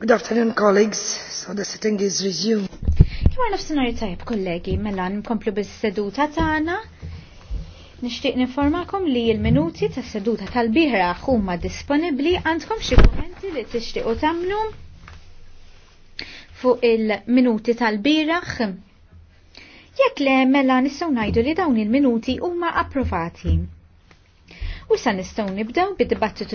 Good afternoon, colleagues. So the sitting is resumed. Jumar nafsinari tajb, kollegi, mela nkomplu bis-seduta tagħna. Nixtieq ninformakom li l-minuti tas-seduta tal-bihra huma disponibbli għandkom xi kommenti li tixtiequ tagħmlu fuq il-minuti tal-biraħ. Jekk le mela nistgħu ngħidu li dawn il-minuti huma approvati. U sa nistgħu nibdaw bid-dibattitu